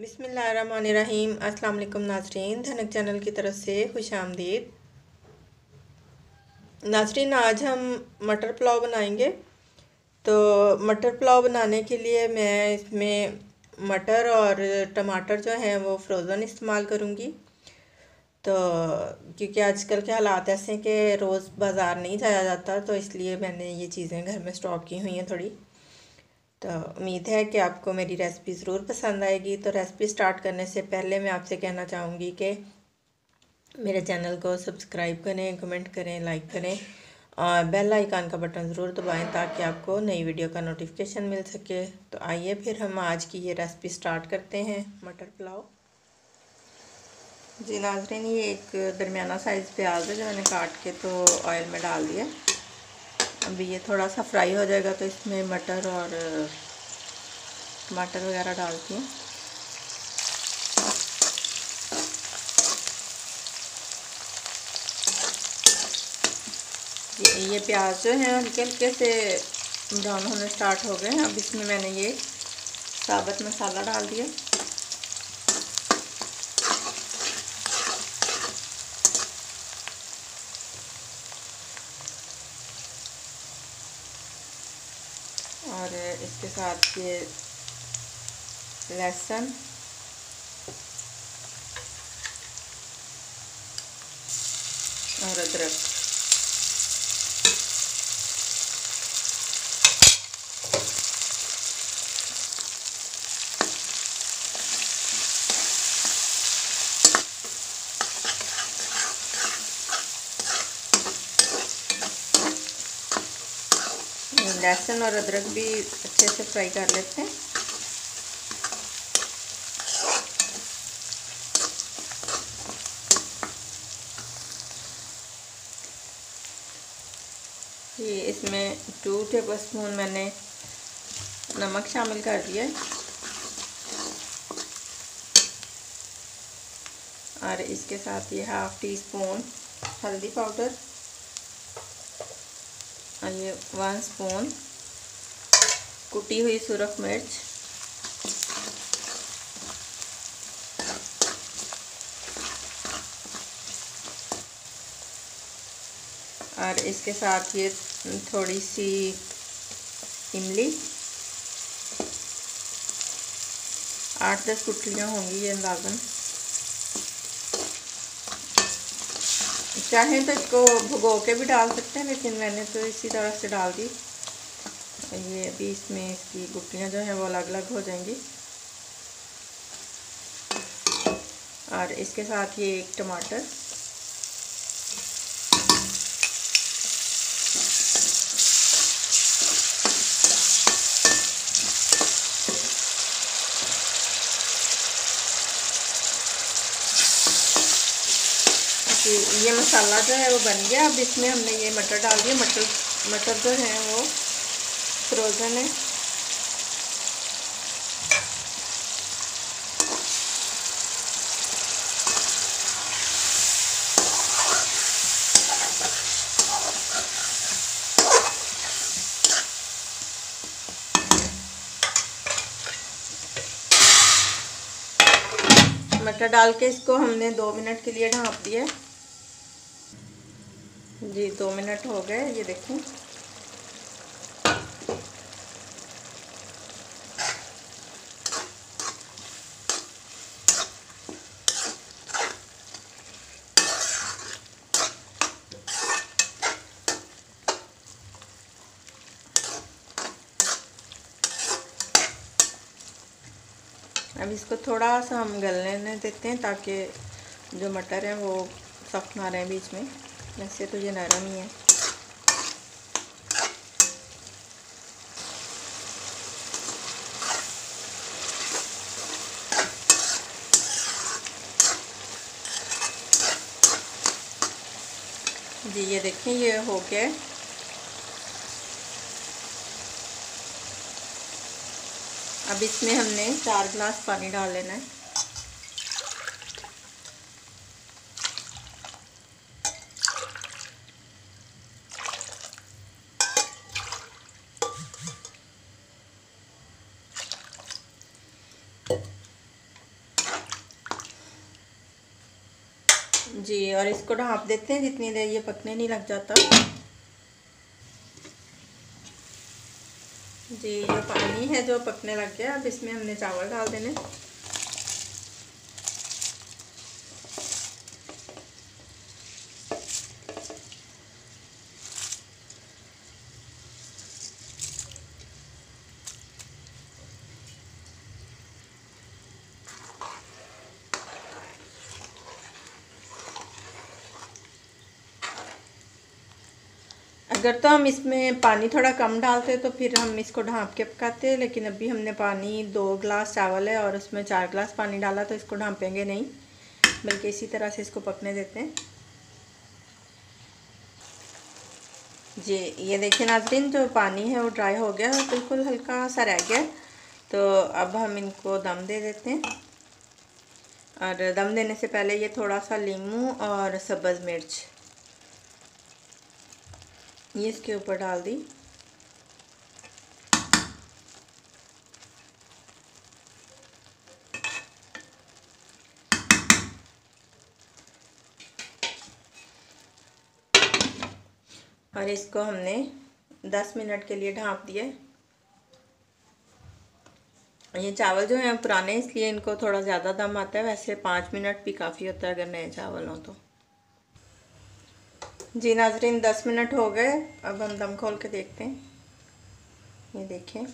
बिसमीम् अल्लाम नाजरीन धनक चैनल की तरफ से खुश आमदीद नाजरीन आज हम मटर पुलाव बनाएंगे तो मटर पुलाव बनाने के लिए मैं इसमें मटर और टमाटर जो हैं वो फ्रोज़न इस्तेमाल करूँगी तो क्योंकि आजकल के हालात ऐसे हैं कि रोज़ बाज़ार नहीं जाया जाता तो इसलिए मैंने ये चीज़ें घर में स्टॉक की हुई हैं थोड़ी तो उम्मीद है कि आपको मेरी रेसिपी ज़रूर पसंद आएगी तो रेसिपी स्टार्ट करने से पहले मैं आपसे कहना चाहूँगी कि मेरे चैनल को सब्सक्राइब करें कमेंट करें लाइक करें और बेल आइकान का बटन ज़रूर दबाएं ताकि आपको नई वीडियो का नोटिफिकेशन मिल सके तो आइए फिर हम आज की ये रेसिपी स्टार्ट करते हैं मटर पुलाव जी नाजरीन ये एक दरमियाना साइज़ प्याज है जो मैंने काट के तो ऑयल में डाल दिया अभी ये थोड़ा सा फ्राई हो जाएगा तो इसमें मटर और टमाटर वगैरह डालती हूँ ये ये प्याज जो है हल्के हल्के से ब्राउन होने स्टार्ट हो गए हैं अब इसमें मैंने ये साबत मसाला डाल दिया और इसके साथ ये लहसुन और अदरक लहसुन और अदरक भी अच्छे से फ्राई कर लेते हैं ये इसमें टू टेबल स्पून मैंने नमक शामिल कर दिया और इसके साथ ये हाफ टी स्पून हल्दी पाउडर वन हाँ स्पून कुटी हुई सुरख मिर्च और इसके साथ ये थोड़ी सी इमली आठ दस कुटलियाँ होंगी ये अंदाजन चाहें तो इसको भुगो के भी डाल सकते हैं लेकिन मैंने तो इसी तरह से डाल दी ये अभी इसमें इसकी गुटियाँ जो हैं वो अलग अलग हो जाएंगी और इसके साथ ये एक टमाटर कि ये मसाला जो है वो बन गया अब इसमें हमने ये मटर डाल दिया मटर मटर जो है वो फ्रोज़न है मटर डाल के इसको हमने दो मिनट के लिए ढाँप दिया जी दो मिनट हो गए ये देखें अब इसको थोड़ा सा हम गलने देते हैं ताकि जो मटर है वो सख्त ना रहे बीच में वैसे तो ये नरम ही है जी ये देखें ये हो गया अब इसमें हमने चार गिलास पानी डाल लेना है जी और इसको ढाँप देते हैं जितनी देर ये पकने नहीं लग जाता जी जो पानी है जो पकने लग गया अब इसमें हमने चावल डाल देने अगर तो हम इसमें पानी थोड़ा कम डालते तो फिर हम इसको ढाँप के पकाते लेकिन अभी हमने पानी दो ग्लास चावल है और उसमें चार ग्लास पानी डाला तो इसको ढाँपेंगे नहीं बल्कि इसी तरह से इसको पकने देते हैं जी ये देखिए नाजरीन जो पानी है वो ड्राई हो गया और बिल्कुल हल्का सा रह गया तो अब हम इनको दम दे देते हैं और दम देने से पहले ये थोड़ा सा लीमू और सब्ज़ मिर्च ये इसके ऊपर डाल दी और इसको हमने 10 मिनट के लिए ढाँप दिए ये चावल जो हैं पुराने इसलिए इनको थोड़ा ज़्यादा दम आता है वैसे पाँच मिनट भी काफ़ी होता है अगर नए चावल हों तो जी नाजरीन दस मिनट हो गए अब हम दम खोल के देखते हैं ये देखें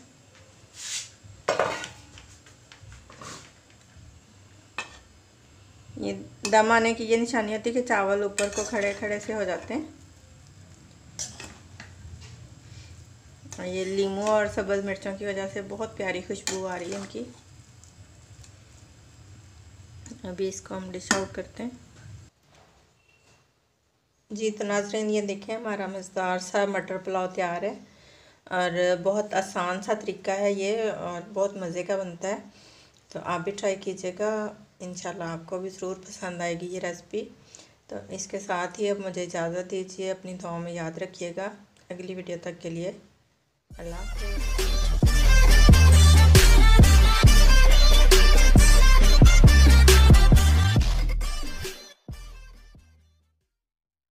ये दम आने की ये निशानी होती है कि चावल ऊपर को खड़े खड़े से हो जाते हैं ये लीमू और सब्ज़ मिर्चों की वजह से बहुत प्यारी खुशबू आ रही है इनकी अभी इसको हम डिश आउट करते हैं जी तो नाजरन ये देखें हमारा मज़ेदार सा मटर पुलाव तैयार है और बहुत आसान सा तरीका है ये और बहुत मज़े का बनता है तो आप भी ट्राई कीजिएगा इन आपको भी ज़रूर पसंद आएगी ये रेसिपी तो इसके साथ ही अब मुझे इजाज़त दीजिए अपनी दुआ में याद रखिएगा अगली वीडियो तक के लिए अल्लाह